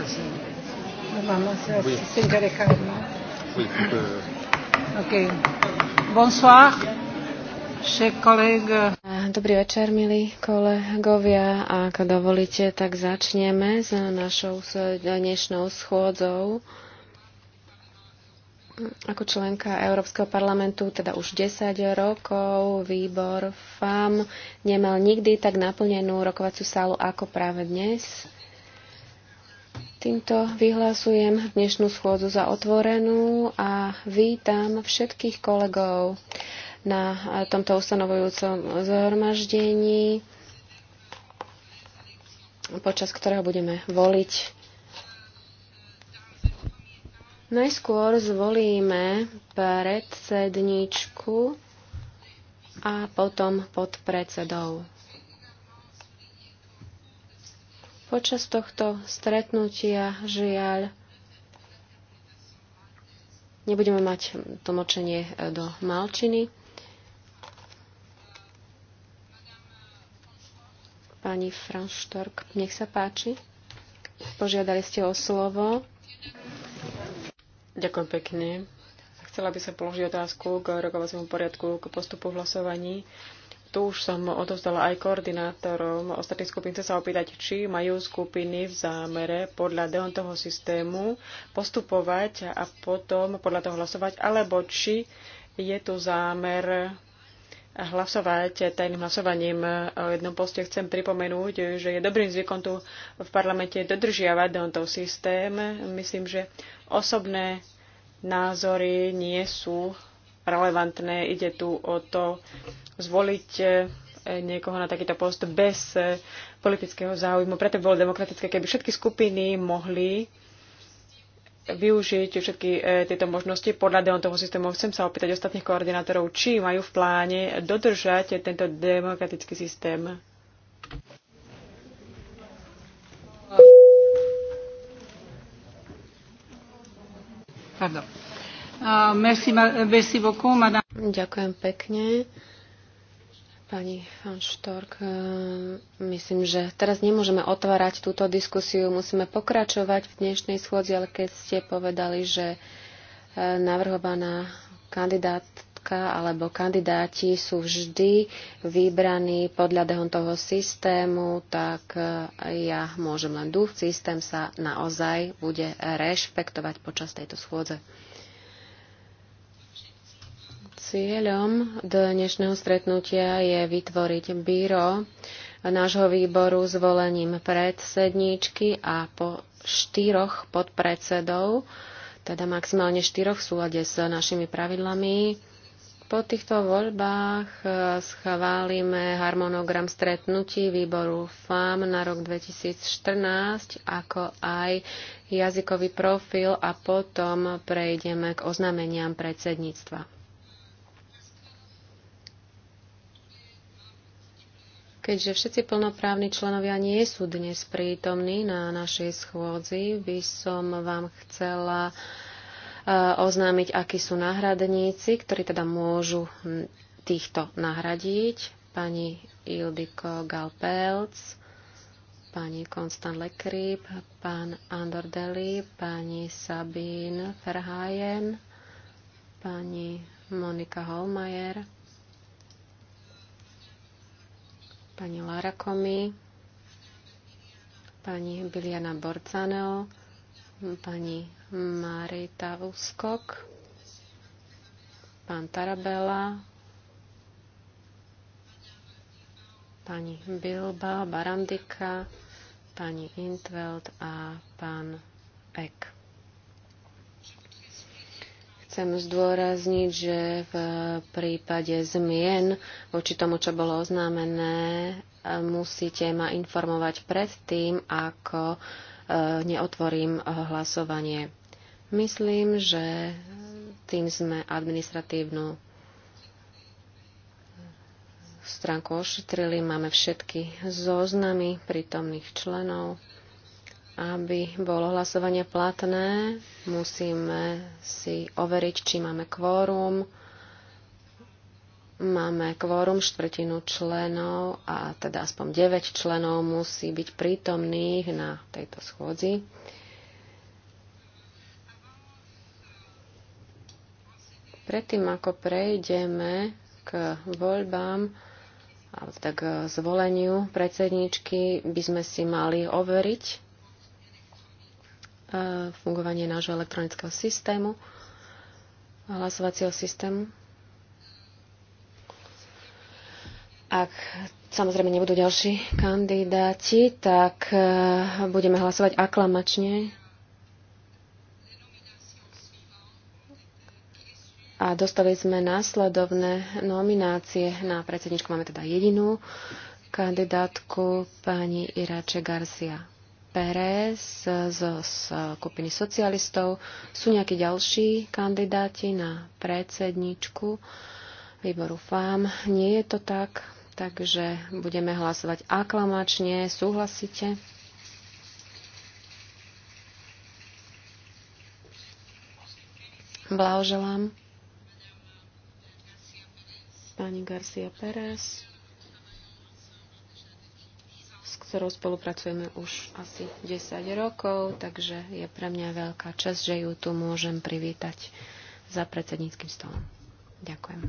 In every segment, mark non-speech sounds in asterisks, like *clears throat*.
Oui, ¿no? OK. Bonsoir. Dobrý večer, milí kolegovia. Ak dovolíte, tak začneme s našou dnešnou schôdzou. Ako členka Európskeho parlamentu, teda už 10 rokov, výbor FAM nemal nikdy tak naplnenú rokovaciu sálu ako práve dnes. Týmto vyhlasujem dnešnú schôdzu za otvorenú a vítam všetkých kolegov na tomto ustanovujúcom zhromaždení, počas ktorého budeme voliť. Najskôr zvolíme predsedničku a potom podpredsedov. Počas tohto stretnutia žiaľ nebudeme mať tlmočenie e, do malčiny. Pani Franštork, nech sa páči. Požiadali ste o slovo. Ďakujem pekne. Chcela by sa položiť otázku k rokovaciemu poriadku, k postupu v hlasovaní. Tu už som odovzdala aj koordinátorom ostatných skupín. Chcem sa opýtať, či majú skupiny v zámere podľa deontoho systému postupovať a potom podľa toho hlasovať, alebo či je tu zámer hlasovať tajným hlasovaním o jednom poste. Chcem pripomenúť, že je dobrým zvykom tu v parlamente dodržiavať deontov systém. Myslím, že osobné názory nie sú relevantné. Ide tu o to zvoliť e, niekoho na takýto post bez e, politického záujmu. Preto bolo demokratické, keby všetky skupiny mohli využiť všetky e, tieto možnosti podľa toho systému. Chcem sa opýtať ostatných koordinátorov, či majú v pláne dodržať tento demokratický systém. Pardon. Uh, Ďakujem pekne. Pani Van Štork, e, myslím, že teraz nemôžeme otvárať túto diskusiu, musíme pokračovať v dnešnej schôdzi, ale keď ste povedali, že e, navrhovaná kandidátka alebo kandidáti sú vždy vybraní podľa toho systému, tak e, ja môžem len dúf, systém sa naozaj bude rešpektovať počas tejto schôdze. Cieľom dnešného stretnutia je vytvoriť byro nášho výboru zvolením predsedníčky a po štyroch podpredsedov, teda maximálne štyroch v súlade s našimi pravidlami. Po týchto voľbách e, schválime harmonogram stretnutí výboru FAM na rok 2014, ako aj jazykový profil a potom prejdeme k oznameniam predsedníctva. Keďže všetci plnoprávni členovia nie sú dnes prítomní na našej schôdzi, by som vám chcela e, oznámiť, akí sú náhradníci, ktorí teda môžu týchto nahradiť. Pani Ildiko Galpelc, pani Konstant Lekryp, pán Andor Deli, pani Sabine Verhaen, pani Monika Holmajer pani Lara Komi, pani Biliana Borcaneo, pani Marita Uskok, pán Tarabela, pani Bilba Barandika, pani Intveld a pán Ek. Chcem zdôrazniť, že v prípade zmien voči tomu, čo bolo oznámené, musíte ma informovať pred tým, ako eh, neotvorím eh, hlasovanie. Myslím, že tým sme administratívnu stránku ošetrili. Máme všetky zoznamy prítomných členov aby bolo hlasovanie platné, musíme si overiť, či máme kvórum. Máme kvórum štvrtinu členov a teda aspoň 9 členov musí byť prítomných na tejto schôdzi. Predtým, ako prejdeme k voľbám, alebo tak teda zvoleniu predsedničky, by sme si mali overiť, Eh, fungovanie nášho elektronického systému, hlasovacieho systému. Ak samozrejme nebudú ďalší kandidáti, tak eh, budeme hlasovať aklamačne. A dostali sme následovné nominácie na predsedničku. Máme teda jedinú kandidátku pani Irače Garcia. Pérez z skupiny socialistov. Sú nejakí ďalší kandidáti na predsedničku výboru FAM? Nie je to tak, takže budeme hlasovať aklamačne. Súhlasíte? Blahoželám. Pani Garcia Pérez ktorou spolupracujeme už asi 10 rokov, takže je pre mňa veľká časť, že ju tu môžem privítať za predsedníckým stolom. Ďakujem.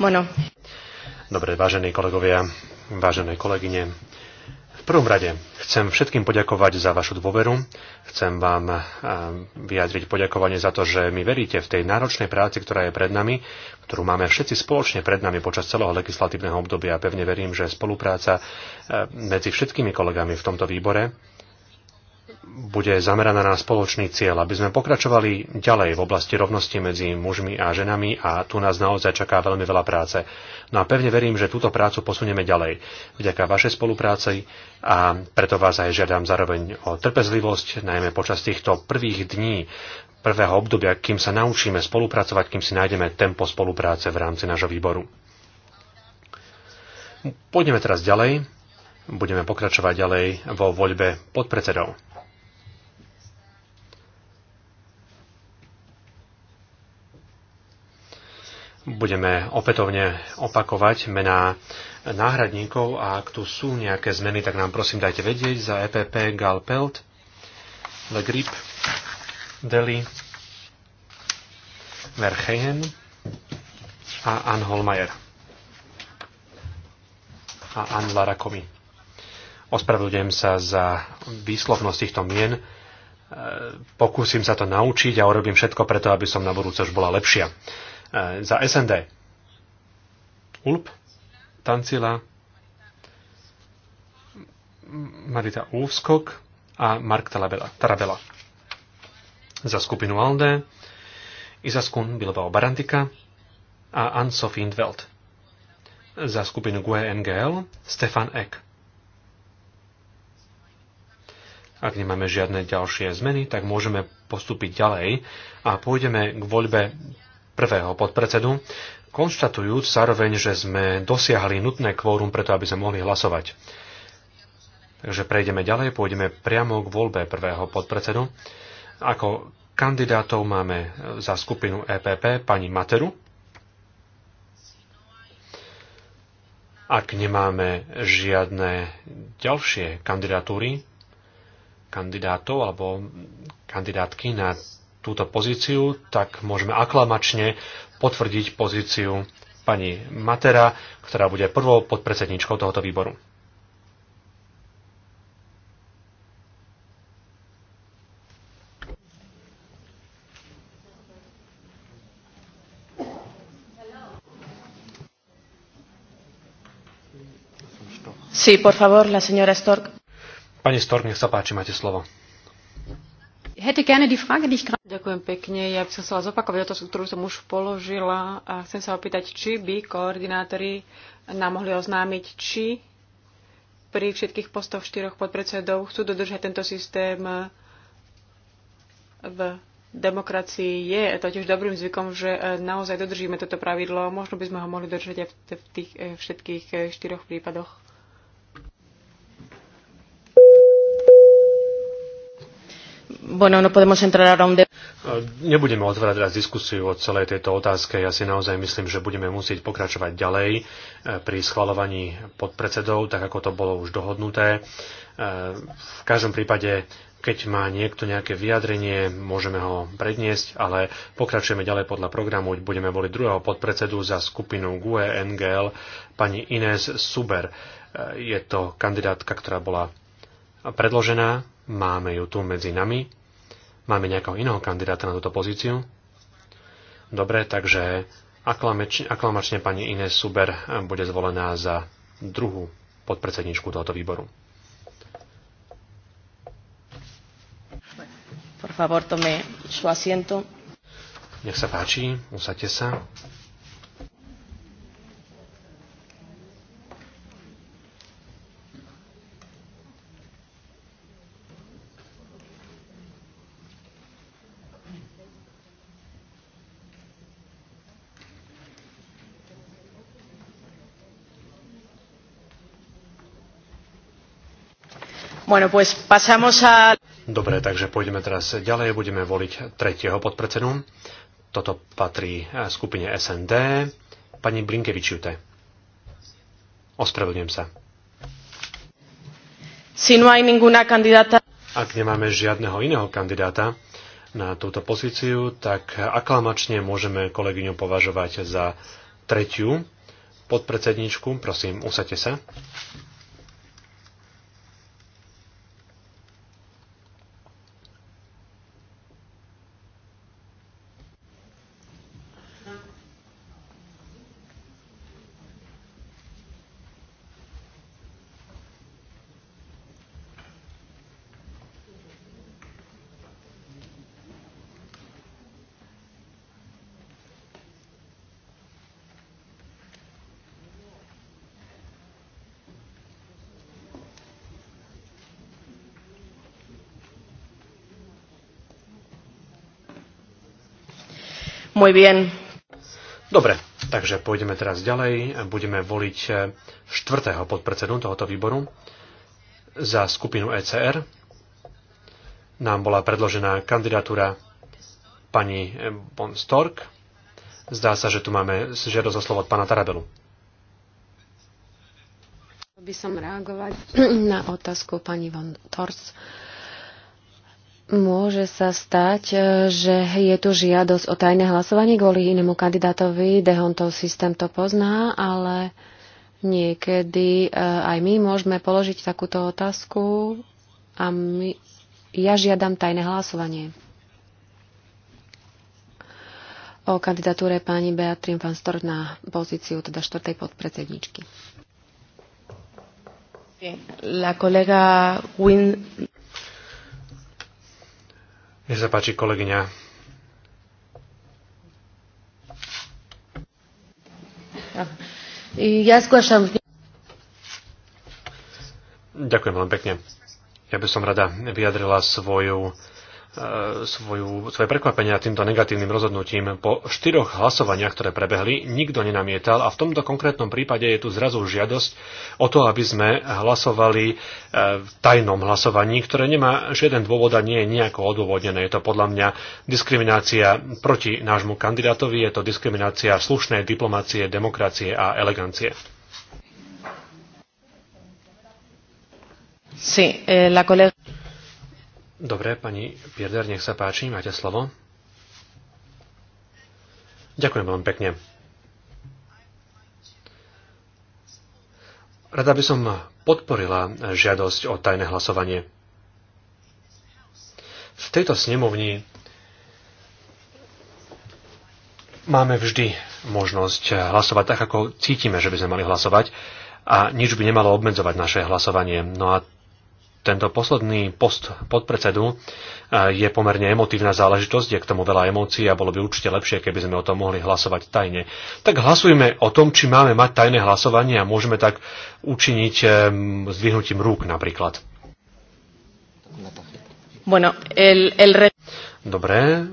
Bueno. Dobre, vážení kolegovia, vážené kolegyne, v prvom rade chcem všetkým poďakovať za vašu dôveru. Chcem vám vyjadriť poďakovanie za to, že mi veríte v tej náročnej práci, ktorá je pred nami, ktorú máme všetci spoločne pred nami počas celého legislatívneho obdobia. Pevne verím, že spolupráca e, medzi všetkými kolegami v tomto výbore bude zameraná na spoločný cieľ, aby sme pokračovali ďalej v oblasti rovnosti medzi mužmi a ženami a tu nás naozaj čaká veľmi veľa práce. No a pevne verím, že túto prácu posunieme ďalej vďaka vašej spolupráci a preto vás aj žiadam zároveň o trpezlivosť, najmä počas týchto prvých dní prvého obdobia, kým sa naučíme spolupracovať, kým si nájdeme tempo spolupráce v rámci nášho výboru. Pôjdeme teraz ďalej. Budeme pokračovať ďalej vo voľbe podpredsedov. budeme opätovne opakovať mená náhradníkov a ak tu sú nejaké zmeny, tak nám prosím dajte vedieť za EPP Gal Pelt, Le Grip, Deli, Verheyen a Ann Holmeier a Ann Larakomi. Ospravedlňujem sa za výslovnosť týchto mien. E, pokúsim sa to naučiť a urobím všetko preto, aby som na budúce už bola lepšia. Eh, za SND. Ulp, Tancila, Marita Úvskok a Mark Tarabela. Za skupinu ALDE Izaskun Bilbao Barantika a Ansof Indveld. Za skupinu GUE NGL Stefan Eck. Ak nemáme žiadne ďalšie zmeny, tak môžeme postúpiť ďalej a pôjdeme k voľbe prvého podpredsedu, konštatujúc zároveň, že sme dosiahli nutné kvórum preto, aby sme mohli hlasovať. Takže prejdeme ďalej, pôjdeme priamo k voľbe prvého podpredsedu. Ako kandidátov máme za skupinu EPP pani Materu. Ak nemáme žiadne ďalšie kandidatúry, kandidátov alebo kandidátky na túto pozíciu, tak môžeme aklamačne potvrdiť pozíciu pani Matera, ktorá bude prvou podpredsedničkou tohoto výboru. Sí, por favor, la señora Stork. Pani Stork, nech sa páči, máte slovo. Ďakujem pekne. Ja by som chcela zopakovať otázku, ktorú som už položila a chcem sa opýtať, či by koordinátori nám mohli oznámiť, či pri všetkých postoch štyroch podpredsedov chcú dodržať tento systém v demokracii je totiž dobrým zvykom, že naozaj dodržíme toto pravidlo. Možno by sme ho mohli dodržať aj v tých eh, všetkých eh, štyroch prípadoch. Bueno, no podemos entrar ahora un Nebudeme otvárať teraz diskusiu o celej tejto otázke. Ja si naozaj myslím, že budeme musieť pokračovať ďalej e, pri schvalovaní podpredsedov, tak ako to bolo už dohodnuté. E, v každom prípade, keď má niekto nejaké vyjadrenie, môžeme ho predniesť, ale pokračujeme ďalej podľa programu. Budeme voliť druhého podpredsedu za skupinu GUE NGL, pani Inés Suber. E, je to kandidátka, ktorá bola predložená. Máme ju tu medzi nami. Máme nejakého iného kandidáta na túto pozíciu? Dobre, takže aklamačne pani Ines Suber eh, bude zvolená za druhú podpredsedničku tohoto výboru. Por favor, tome su asiento. Nech sa páči, usadte sa. Bueno, pues pasamos a... Dobre, takže pôjdeme teraz ďalej, budeme voliť tretieho podpredsedu. Toto patrí eh, skupine SND. Pani Blinkevičiute. Ospravedlňujem sa. Si no hay ninguna candidata... Ak nemáme žiadneho iného kandidáta na túto pozíciu, tak aklamačne môžeme kolegyňu považovať za tretiu podpredsedničku. Prosím, usadte sa. Muy bien. Dobre, takže pôjdeme teraz ďalej. Budeme voliť eh, štvrtého podpredsedu tohoto výboru za skupinu ECR. Nám bola predložená kandidatúra pani Bon eh, Stork. Zdá sa, že tu máme žiadosť o slovo od pána Tarabelu. By som reagovať *clears throat* na otázku pani Von Tors. Uh, Môže sa stať, e, že je tu žiadosť o tajné hlasovanie kvôli inému kandidátovi. Dehontov systém to pozná, ale niekedy e, aj my môžeme položiť takúto otázku a my, ja žiadam tajné hlasovanie o kandidatúre pani Beatrín van Stort na pozíciu teda štvrtej podpredsedničky. La kolega Win nech sa páči kolegyňa. Ja skúšam... Ďakujem veľmi pekne. Ja by som rada vyjadrila svoju E, svoju, svoje prekvapenia týmto negatívnym rozhodnutím. Po štyroch hlasovaniach, ktoré prebehli, nikto nenamietal a v tomto konkrétnom prípade je tu zrazu žiadosť o to, aby sme hlasovali e, v tajnom hlasovaní, ktoré nemá žiaden dôvod a nie je nejako odôvodnené. Je to podľa mňa diskriminácia proti nášmu kandidátovi, je to diskriminácia slušnej diplomácie, demokracie a elegancie. Sí, eh, la colega... Dobre, pani Pierder, nech sa páči, máte slovo. Ďakujem veľmi pekne. Rada by som podporila žiadosť o tajné hlasovanie. V tejto snemovni máme vždy možnosť hlasovať tak, ako cítime, že by sme mali hlasovať a nič by nemalo obmedzovať naše hlasovanie. No a tento posledný post podpredsedu eh, je pomerne emotívna záležitosť, je k tomu veľa emócií a bolo by určite lepšie, keby sme o tom mohli hlasovať tajne. Tak hlasujme o tom, či máme mať tajné hlasovanie a môžeme tak učiniť eh, zdvihnutím rúk napríklad. Bueno, el, el re... Dobre,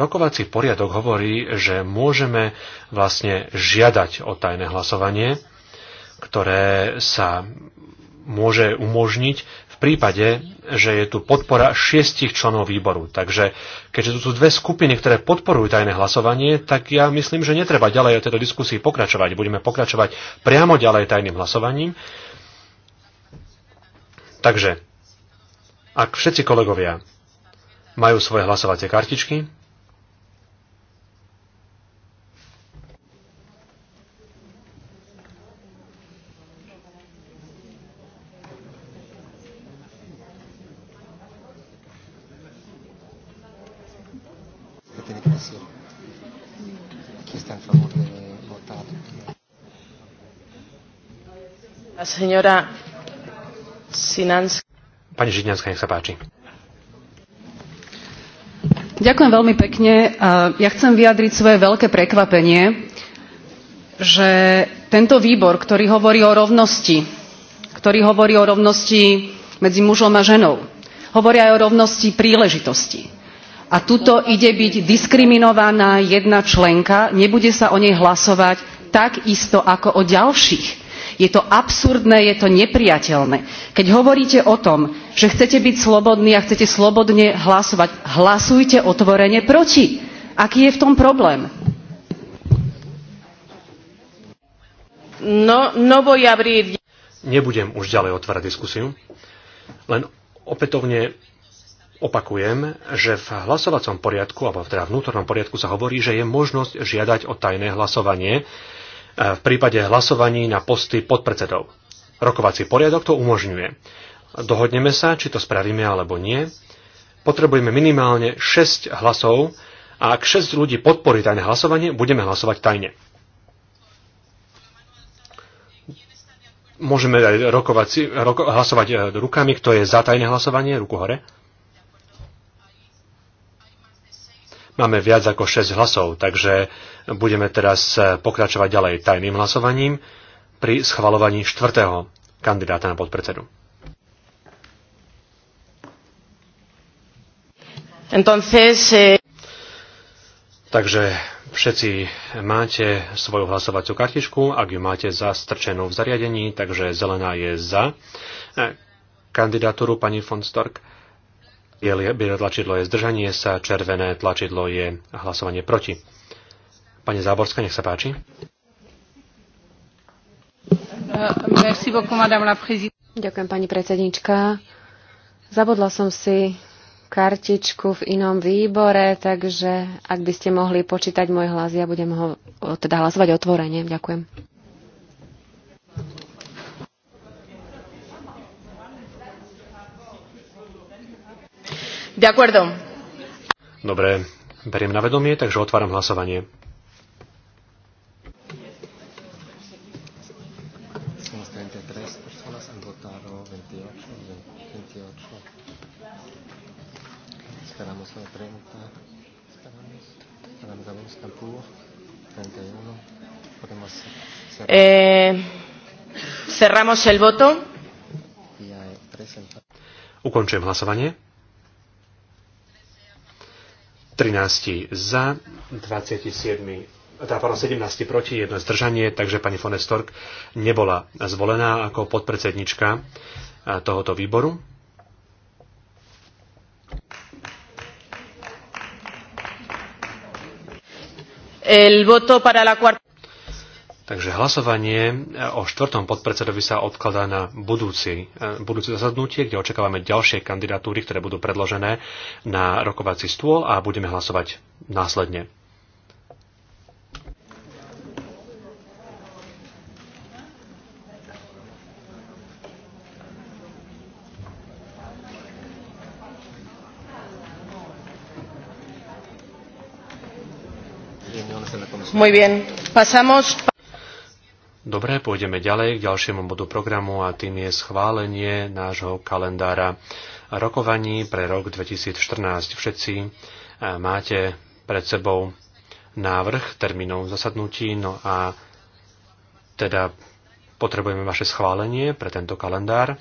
rokovací poriadok hovorí, že môžeme vlastne žiadať o tajné hlasovanie, ktoré sa môže umožniť v prípade, že je tu podpora šiestich členov výboru. Takže keďže tu sú dve skupiny, ktoré podporujú tajné hlasovanie, tak ja myslím, že netreba ďalej o tejto diskusii pokračovať. Budeme pokračovať priamo ďalej tajným hlasovaním. Takže, ak všetci kolegovia majú svoje hlasovacie kartičky, Señora Sinanska. Pani Židňanská, nech sa páči. Ďakujem veľmi pekne. Ja chcem vyjadriť svoje veľké prekvapenie, že tento výbor, ktorý hovorí o rovnosti, ktorý hovorí o rovnosti medzi mužom a ženou, hovorí aj o rovnosti príležitosti. A tuto ide byť diskriminovaná jedna členka, nebude sa o nej hlasovať tak isto ako o ďalších je to absurdné, je to nepriateľné. Keď hovoríte o tom, že chcete byť slobodní a chcete slobodne hlasovať, hlasujte otvorene proti. Aký je v tom problém? No, novo voy Nebudem už ďalej otvárať diskusiu. Len opätovne Opakujem, že v hlasovacom poriadku, alebo teda vnútornom poriadku sa hovorí, že je možnosť žiadať o tajné hlasovanie E, v prípade hlasovaní na posty podpredsedov. Rokovací poriadok to umožňuje. Dohodneme sa, či to spravíme alebo nie. Potrebujeme minimálne 6 hlasov a ak 6 ľudí podporí tajné hlasovanie, budeme hlasovať tajne. Môžeme rokovať, roko, hlasovať e, rukami, kto je za tajné hlasovanie, ruku hore. Máme viac ako 6 hlasov, takže budeme teraz eh, pokračovať ďalej tajným hlasovaním pri schvalovaní štvrtého kandidáta na podpredsedu. Entonces, eh... Takže všetci máte svoju hlasovaciu kartičku, ak ju máte zastrčenú v zariadení, takže zelená je za eh, kandidatúru pani von Stork. Biele tlačidlo je zdržanie sa, červené tlačidlo je hlasovanie proti. Pani Záborská, nech sa páči. Uh, Ďakujem, pani predsednička. Zabudla som si kartičku v inom výbore, takže ak by ste mohli počítať môj hlas, ja budem ho teda hlasovať otvorene. Ďakujem. De acuerdo. Dobre, beriem na vedomie, takže otváram hlasovanie. Eh, cerramos el voto. Ukončujem hlasovanie. 13 za, 27 teda pardon, 17 proti, jedno zdržanie, takže pani von Stork nebola zvolená ako podpredsednička eh, tohoto výboru. El voto para la cuarta... Takže hlasovanie e, o štvrtom podpredsedovi sa odkladá na budúci, e, budúce zasadnutie, kde očakávame ďalšie kandidatúry, ktoré budú predložené na rokovací stôl a budeme hlasovať následne. Muy bien. Pasamos. Dobre, pôjdeme ďalej k ďalšiemu bodu programu a tým je schválenie nášho kalendára rokovaní pre rok 2014. Všetci eh, máte pred sebou návrh termínov zasadnutí, no a teda potrebujeme vaše schválenie pre tento kalendár.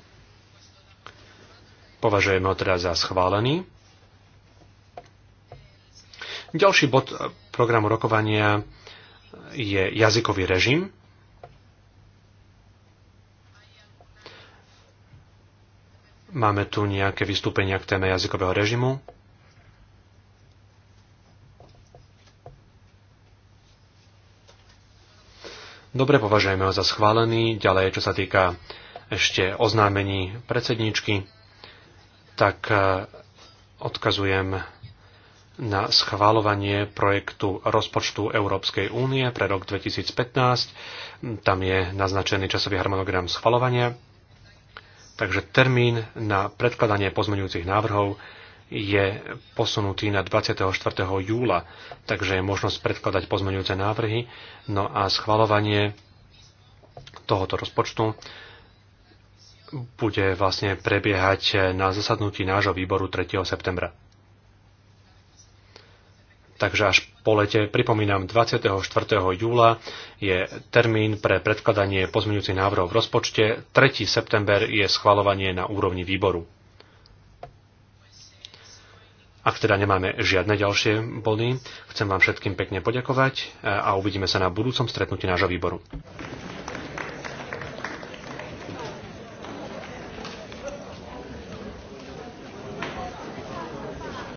Považujeme ho teda za schválený. Ďalší bod eh, programu rokovania je jazykový režim. Máme tu nejaké vystúpenia k téme jazykového režimu. Dobre, považujeme ho za schválený. Ďalej, čo sa týka ešte oznámení predsedníčky, tak e, odkazujem na schválovanie projektu rozpočtu Európskej únie pre rok 2015. Tam je naznačený časový harmonogram schvalovania. Takže termín na predkladanie pozmeňujúcich návrhov je posunutý na 24. júla, takže je možnosť predkladať pozmeňujúce návrhy. No a schvalovanie tohoto rozpočtu bude vlastne prebiehať na zasadnutí nášho výboru 3. septembra. Takže až polete, Pripomínam, 24. júla je termín pre predkladanie pozmeňujúcich návrhov v rozpočte, 3. september je schvalovanie na úrovni výboru. Ak teda nemáme žiadne ďalšie body, chcem vám všetkým pekne poďakovať e, a uvidíme sa na budúcom stretnutí nášho výboru.